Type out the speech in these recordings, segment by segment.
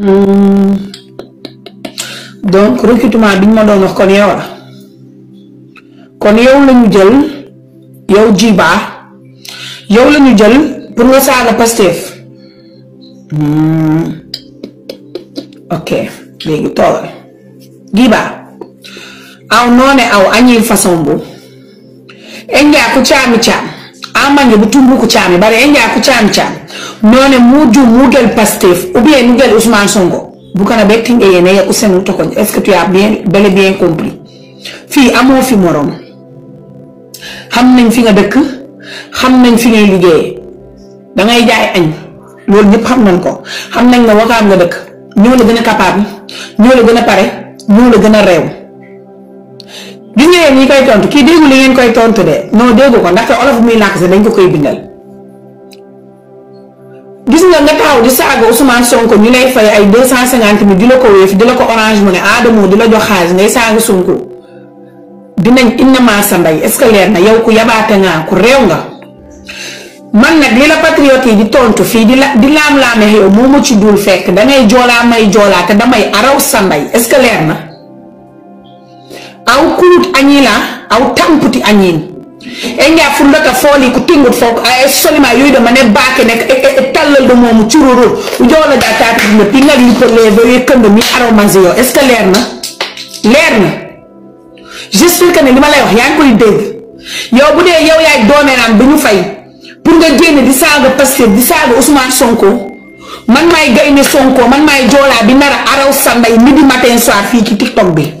Hmm. donc recrutement bi ñu ma doon wax kon yow la kon yow la jël yow jiba yow la jël pour nga saaga Pastef hmm. ok léegi toogal jiba aw noone aw añil façon bu engaa ku caami caam amange butumbu ku cami bari en jaa ku cami cami none mujum mugel pastef ou bien mugel ousmane sonko bukana be tinge yene ya usenu to ko est ce que tu as bien bel et bien compris fi amo fi morom xam nañ fi nga dëkk xam nañ fi nga liggéey da ngay jaay añ loolu ñëpp xam nañ ko xam nañ nga wakaam nga dëkk ñoo la gën a capable ñoo la gën a pare ñoo la gën a réew gis ngeen ñi koy tontu kii déggu li ngeen koy tontu de non déggu ko ndaxte olof muy làkk sax dañ ko koy bindal gis nga nga taxaw di saaga Ousmane Sonko ñu lay fay ay deux cent cinquante mille di la ko wéef di la ko orange mu ne aadamoo di la jox xaalis ngay saaga Sonko dinañ innamaa sa ndey est-ce que leer na yow ku yabaate nga ku réew nga man nag li la patriote yi di tontu fii di la di laam-laame yow moo ma ci dul fekk dangay joolaa may joolaa te damay araw sa ndey est-ce que leer na put añila aw tan puti añin en ya fullata fooli ko tingut fof a e solima yoyde ma ne baake ne e, e, e tallal ɗo momo curorol jowla da tata ɗum ɗingal yippolle vewi kando mi aromage yo est ce que leer na leer na j'espère que ne lima lay wax yaa ngi koy dégg yow bu dee yow yaay doomeeraam bi ñu fay pour nga génn di saaga Pastef di saaga Ousmane Sonko man maay gaynde Sonko man maay joolaa bi nar a araw sanday midi matin soir fii ci TikTok bi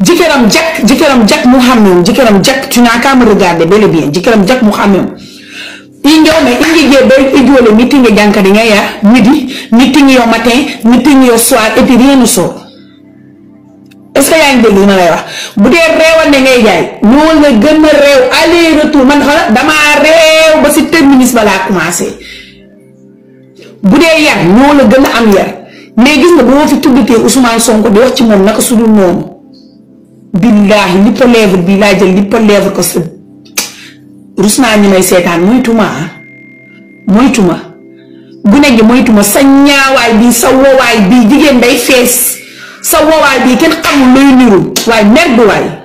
jikeram jak jikeram jak mu xammeem jak tu n'as qu'à me regarder bel et bien jikeram jak mu xammeem me ingi ge bel idiole meeting e jankari nga ya midi meeting yo matin meeting yo soir et puis rien ne sort est ce que yaa ngi dégg ma lay wax bu dee réewal ne ngay jaay ñoo nga gën a réew aller retour man xala dama réew ba ci terminus bala commencé yar gën am yar mais gis nga fi tuddité Ousmane Sonko di wax ci mom naka sudul billaahi lipp lèvre bi laa jël lipp lèvre ko sëb rus naa ñu may seetaan moytuma ah. moytuma gune gi moytuma sa ñaawaay bi sa woowaay bi jigéen day fees sa woowaay bi kenn xamul luy niru waaye mer